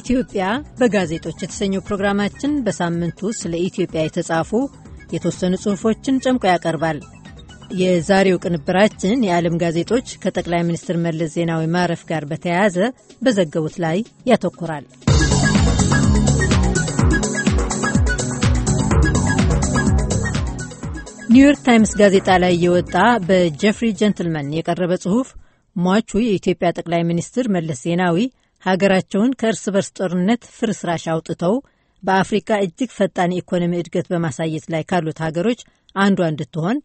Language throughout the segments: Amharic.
ኢትዮጵያ በጋዜጦች የተሰኘው ፕሮግራማችን በሳምንት ስለ ኢትዮጵያ የተጻፉ የተወሰኑ ጽሑፎችን ጨምቆ ያቀርባል። የዛሬው ቅንብራችን የዓለም ጋዜጦች ከጠቅላይ ሚኒስትር መለስ ዜናዊ ማረፍ ጋር በተያያዘ በዘገቡት ላይ ያተኮራል። ኒውዮርክ ታይምስ ጋዜጣ ላይ የወጣ በጀፍሪ ጀንትልመን የቀረበ ጽሑፍ ሟቹ የኢትዮጵያ ጠቅላይ ሚኒስትር መለስ ዜናዊ ሀገራቸውን ከእርስ በርስ ጦርነት ፍርስራሽ አውጥተው በአፍሪካ እጅግ ፈጣን የኢኮኖሚ እድገት በማሳየት ላይ ካሉት ሀገሮች አንዷ እንድትሆን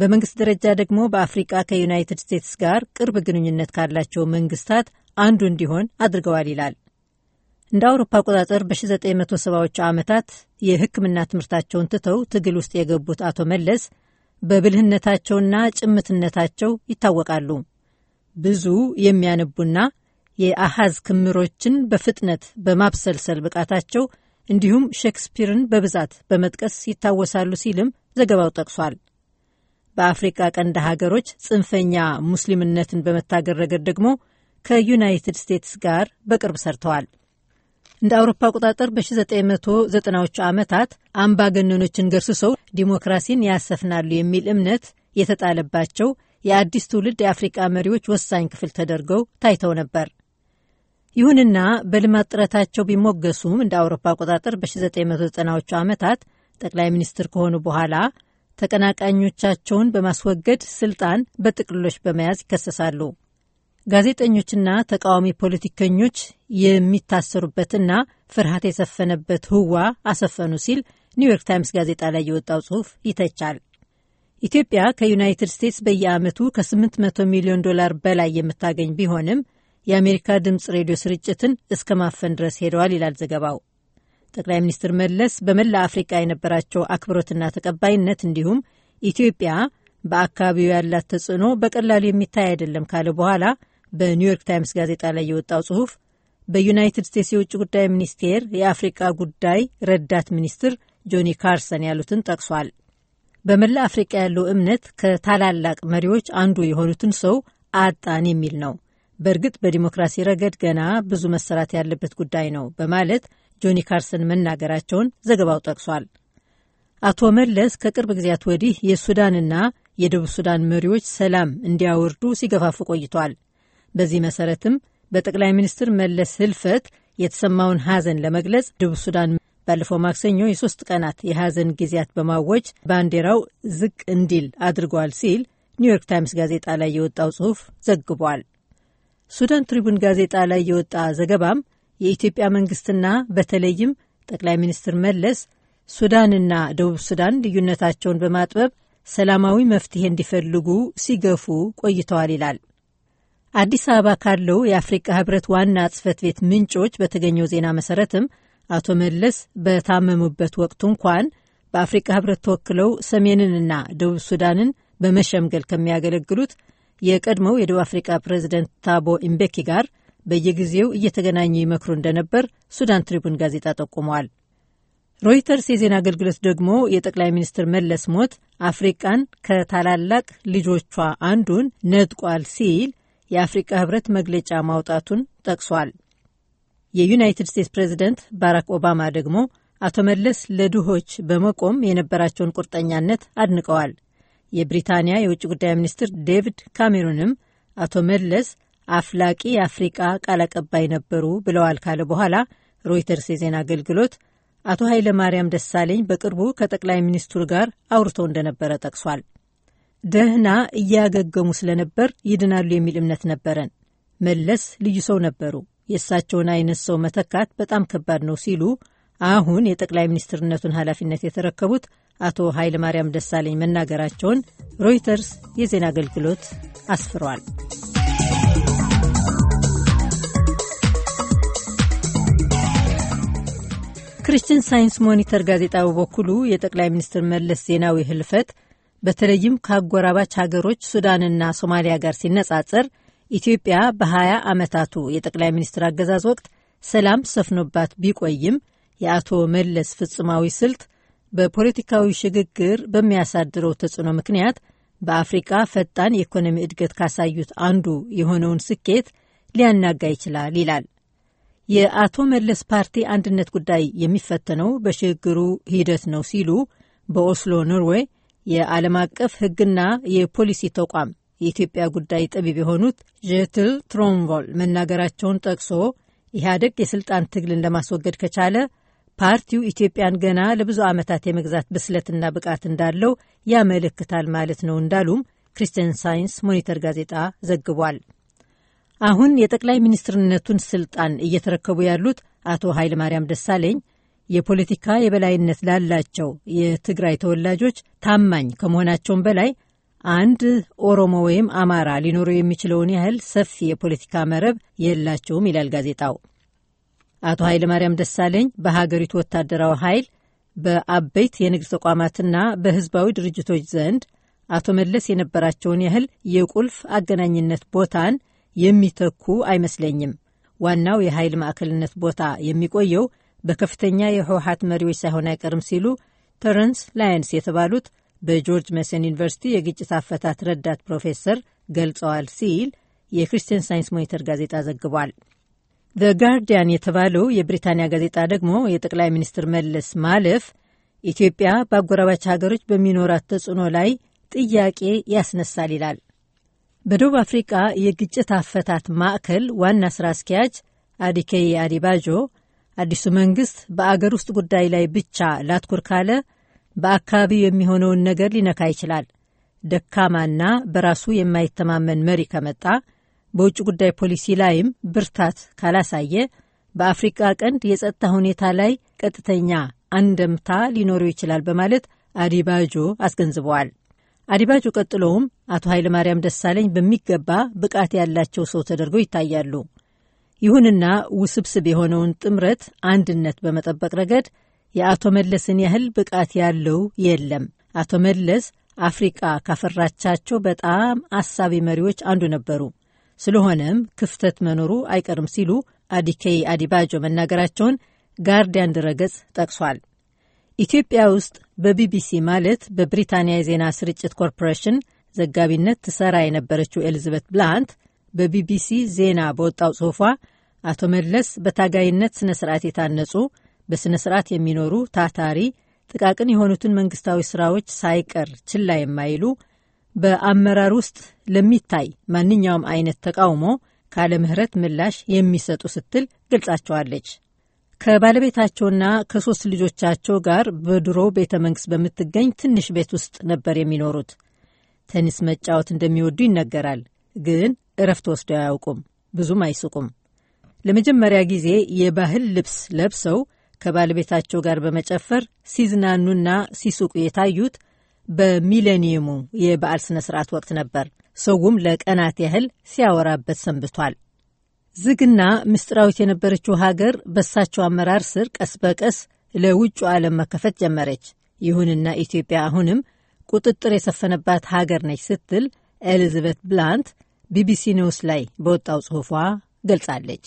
በመንግስት ደረጃ ደግሞ በአፍሪቃ ከዩናይትድ ስቴትስ ጋር ቅርብ ግንኙነት ካላቸው መንግስታት አንዱ እንዲሆን አድርገዋል ይላል። እንደ አውሮፓ አቆጣጠር በ1970ዎቹ ዓመታት የሕክምና ትምህርታቸውን ትተው ትግል ውስጥ የገቡት አቶ መለስ በብልህነታቸውና ጭምትነታቸው ይታወቃሉ። ብዙ የሚያነቡና የአሐዝ ክምሮችን በፍጥነት በማብሰልሰል ብቃታቸው እንዲሁም ሼክስፒርን በብዛት በመጥቀስ ይታወሳሉ ሲልም ዘገባው ጠቅሷል። በአፍሪቃ ቀንድ ሀገሮች ጽንፈኛ ሙስሊምነትን በመታገር ረገድ ደግሞ ከዩናይትድ ስቴትስ ጋር በቅርብ ሰርተዋል። እንደ አውሮፓ አቆጣጠር በ1990ዎቹ ዓመታት አምባገነኖችን ገርስሰው ዲሞክራሲን ያሰፍናሉ የሚል እምነት የተጣለባቸው የአዲስ ትውልድ የአፍሪቃ መሪዎች ወሳኝ ክፍል ተደርገው ታይተው ነበር። ይሁንና በልማት ጥረታቸው ቢሞገሱም እንደ አውሮፓ አቆጣጠር በ1990ዎቹ ዓመታት ጠቅላይ ሚኒስትር ከሆኑ በኋላ ተቀናቃኞቻቸውን በማስወገድ ስልጣን በጥቅልሎች በመያዝ ይከሰሳሉ። ጋዜጠኞችና ተቃዋሚ ፖለቲከኞች የሚታሰሩበትና ፍርሃት የሰፈነበት ህዋ አሰፈኑ ሲል ኒውዮርክ ታይምስ ጋዜጣ ላይ የወጣው ጽሑፍ ይተቻል። ኢትዮጵያ ከዩናይትድ ስቴትስ በየዓመቱ ከ800 ሚሊዮን ዶላር በላይ የምታገኝ ቢሆንም የአሜሪካ ድምፅ ሬዲዮ ስርጭትን እስከ ማፈን ድረስ ሄደዋል ይላል ዘገባው። ጠቅላይ ሚኒስትር መለስ በመላ አፍሪቃ የነበራቸው አክብሮትና ተቀባይነት እንዲሁም ኢትዮጵያ በአካባቢው ያላት ተጽዕኖ በቀላሉ የሚታይ አይደለም ካለ በኋላ በኒውዮርክ ታይምስ ጋዜጣ ላይ የወጣው ጽሑፍ በዩናይትድ ስቴትስ የውጭ ጉዳይ ሚኒስቴር የአፍሪቃ ጉዳይ ረዳት ሚኒስትር ጆኒ ካርሰን ያሉትን ጠቅሷል። በመላ አፍሪቃ ያለው እምነት ከታላላቅ መሪዎች አንዱ የሆኑትን ሰው አጣን የሚል ነው። በእርግጥ በዲሞክራሲ ረገድ ገና ብዙ መሰራት ያለበት ጉዳይ ነው በማለት ጆኒ ካርሰን መናገራቸውን ዘገባው ጠቅሷል። አቶ መለስ ከቅርብ ጊዜያት ወዲህ የሱዳንና የደቡብ ሱዳን መሪዎች ሰላም እንዲያወርዱ ሲገፋፉ ቆይቷል። በዚህ መሰረትም በጠቅላይ ሚኒስትር መለስ ህልፈት የተሰማውን ሐዘን ለመግለጽ ደቡብ ሱዳን ባለፈው ማክሰኞ የሶስት ቀናት የሐዘን ጊዜያት በማወጅ ባንዲራው ዝቅ እንዲል አድርጓል ሲል ኒውዮርክ ታይምስ ጋዜጣ ላይ የወጣው ጽሑፍ ዘግቧል። ሱዳን ትሪቡን ጋዜጣ ላይ የወጣ ዘገባም የኢትዮጵያ መንግስትና በተለይም ጠቅላይ ሚኒስትር መለስ ሱዳንና ደቡብ ሱዳን ልዩነታቸውን በማጥበብ ሰላማዊ መፍትሄ እንዲፈልጉ ሲገፉ ቆይተዋል ይላል። አዲስ አበባ ካለው የአፍሪቃ ህብረት ዋና ጽህፈት ቤት ምንጮች በተገኘው ዜና መሰረትም አቶ መለስ በታመሙበት ወቅት እንኳን በአፍሪቃ ህብረት ተወክለው ሰሜንንና ደቡብ ሱዳንን በመሸምገል ከሚያገለግሉት የቀድሞው የደቡብ አፍሪካ ፕሬዚደንት ታቦ ኢምቤኪ ጋር በየጊዜው እየተገናኙ ይመክሩ እንደነበር ሱዳን ትሪቡን ጋዜጣ ጠቁሟል። ሮይተርስ የዜና አገልግሎት ደግሞ የጠቅላይ ሚኒስትር መለስ ሞት አፍሪቃን ከታላላቅ ልጆቿ አንዱን ነጥቋል ሲል የአፍሪቃ ህብረት መግለጫ ማውጣቱን ጠቅሷል። የዩናይትድ ስቴትስ ፕሬዚደንት ባራክ ኦባማ ደግሞ አቶ መለስ ለድሆች በመቆም የነበራቸውን ቁርጠኛነት አድንቀዋል። የብሪታንያ የውጭ ጉዳይ ሚኒስትር ዴቪድ ካሜሩንም አቶ መለስ አፍላቂ የአፍሪቃ ቃል አቀባይ ነበሩ ብለዋል ካለ በኋላ ሮይተርስ የዜና አገልግሎት አቶ ኃይለ ማርያም ደሳለኝ በቅርቡ ከጠቅላይ ሚኒስትሩ ጋር አውርተው እንደነበረ ጠቅሷል። ደህና እያገገሙ ስለነበር ይድናሉ የሚል እምነት ነበረን። መለስ ልዩ ሰው ነበሩ። የእሳቸውን አይነት ሰው መተካት በጣም ከባድ ነው ሲሉ አሁን የጠቅላይ ሚኒስትርነቱን ኃላፊነት የተረከቡት አቶ ኃይለ ማርያም ደሳለኝ መናገራቸውን ሮይተርስ የዜና አገልግሎት አስፍሯል። ክርስቲን ሳይንስ ሞኒተር ጋዜጣ በበኩሉ የጠቅላይ ሚኒስትር መለስ ዜናዊ ህልፈት በተለይም ከአጎራባች ሀገሮች ሱዳንና ሶማሊያ ጋር ሲነጻጸር ኢትዮጵያ በ20 ዓመታቱ የጠቅላይ ሚኒስትር አገዛዝ ወቅት ሰላም ሰፍኖባት ቢቆይም የአቶ መለስ ፍጹማዊ ስልት በፖለቲካዊ ሽግግር በሚያሳድረው ተጽዕኖ ምክንያት በአፍሪቃ ፈጣን የኢኮኖሚ እድገት ካሳዩት አንዱ የሆነውን ስኬት ሊያናጋ ይችላል ይላል። የአቶ መለስ ፓርቲ አንድነት ጉዳይ የሚፈተነው በሽግግሩ ሂደት ነው ሲሉ በኦስሎ ኖርዌይ የዓለም አቀፍ ሕግና የፖሊሲ ተቋም የኢትዮጵያ ጉዳይ ጠቢብ የሆኑት ጀትል ትሮምቮል መናገራቸውን ጠቅሶ ኢህአደግ የሥልጣን ትግልን ለማስወገድ ከቻለ ፓርቲው ኢትዮጵያን ገና ለብዙ ዓመታት የመግዛት ብስለትና ብቃት እንዳለው ያመለክታል ማለት ነው እንዳሉም ክርስቲያን ሳይንስ ሞኒተር ጋዜጣ ዘግቧል። አሁን የጠቅላይ ሚኒስትርነቱን ስልጣን እየተረከቡ ያሉት አቶ ኃይለ ማርያም ደሳለኝ የፖለቲካ የበላይነት ላላቸው የትግራይ ተወላጆች ታማኝ ከመሆናቸውም በላይ አንድ ኦሮሞ ወይም አማራ ሊኖረው የሚችለውን ያህል ሰፊ የፖለቲካ መረብ የላቸውም ይላል ጋዜጣው። አቶ ኃይለማርያም ደሳለኝ በሀገሪቱ ወታደራዊ ኃይል በአበይት የንግድ ተቋማትና በህዝባዊ ድርጅቶች ዘንድ አቶ መለስ የነበራቸውን ያህል የቁልፍ አገናኝነት ቦታን የሚተኩ አይመስለኝም። ዋናው የኃይል ማዕከልነት ቦታ የሚቆየው በከፍተኛ የህወሀት መሪዎች ሳይሆን አይቀርም ሲሉ ተረንስ ላየንስ የተባሉት በጆርጅ መሰን ዩኒቨርሲቲ የግጭት አፈታት ረዳት ፕሮፌሰር ገልጸዋል ሲል የክርስቲያን ሳይንስ ሞኒተር ጋዜጣ ዘግቧል። ዘ ጋርዲያን የተባለው የብሪታንያ ጋዜጣ ደግሞ የጠቅላይ ሚኒስትር መለስ ማለፍ ኢትዮጵያ በአጎራባች ሀገሮች በሚኖራት ተጽዕኖ ላይ ጥያቄ ያስነሳል ይላል። በደቡብ አፍሪቃ የግጭት አፈታት ማዕከል ዋና ስራ አስኪያጅ አዲኬይ አዲባጆ አዲሱ መንግስት በአገር ውስጥ ጉዳይ ላይ ብቻ ላትኩር ካለ በአካባቢው የሚሆነውን ነገር ሊነካ ይችላል። ደካማና በራሱ የማይተማመን መሪ ከመጣ በውጭ ጉዳይ ፖሊሲ ላይም ብርታት ካላሳየ በአፍሪቃ ቀንድ የጸጥታ ሁኔታ ላይ ቀጥተኛ አንደምታ ሊኖረው ይችላል በማለት አዲባጆ አስገንዝበዋል። አዲባጆ ቀጥለውም አቶ ኃይለማርያም ደሳለኝ በሚገባ ብቃት ያላቸው ሰው ተደርገው ይታያሉ። ይሁንና ውስብስብ የሆነውን ጥምረት አንድነት በመጠበቅ ረገድ የአቶ መለስን ያህል ብቃት ያለው የለም። አቶ መለስ አፍሪቃ ካፈራቻቸው በጣም አሳቢ መሪዎች አንዱ ነበሩ። ስለሆነም ክፍተት መኖሩ አይቀርም ሲሉ አዲኬይ አዲባጆ መናገራቸውን ጋርዲያን ድረገጽ ጠቅሷል። ኢትዮጵያ ውስጥ በቢቢሲ ማለት በብሪታንያ የዜና ስርጭት ኮርፖሬሽን ዘጋቢነት ትሰራ የነበረችው ኤልዝቤት ብላንት በቢቢሲ ዜና በወጣው ጽሑፏ አቶ መለስ በታጋይነት ስነ ስርዓት የታነጹ በስነ ስርዓት የሚኖሩ ታታሪ ጥቃቅን የሆኑትን መንግስታዊ ስራዎች ሳይቀር ችላ የማይሉ በአመራር ውስጥ ለሚታይ ማንኛውም አይነት ተቃውሞ ካለ ምህረት ምላሽ የሚሰጡ ስትል ገልጻቸዋለች። ከባለቤታቸውና ከሶስት ልጆቻቸው ጋር በድሮ ቤተ መንግስት በምትገኝ ትንሽ ቤት ውስጥ ነበር የሚኖሩት። ቴኒስ መጫወት እንደሚወዱ ይነገራል፣ ግን እረፍት ወስደው አያውቁም። ብዙም አይስቁም። ለመጀመሪያ ጊዜ የባህል ልብስ ለብሰው ከባለቤታቸው ጋር በመጨፈር ሲዝናኑና ሲስቁ የታዩት በሚሌኒየሙ የበዓል ስነ ስርዓት ወቅት ነበር ሰውም ለቀናት ያህል ሲያወራበት ሰንብቷል። ዝግና ምስጢራዊት የነበረችው ሀገር በሳቸው አመራር ስር ቀስ በቀስ ለውጩ ዓለም መከፈት ጀመረች። ይሁንና ኢትዮጵያ አሁንም ቁጥጥር የሰፈነባት ሀገር ነች ስትል ኤሊዝቤት ብላንት ቢቢሲ ኒውስ ላይ በወጣው ጽሑፏ ገልጻለች።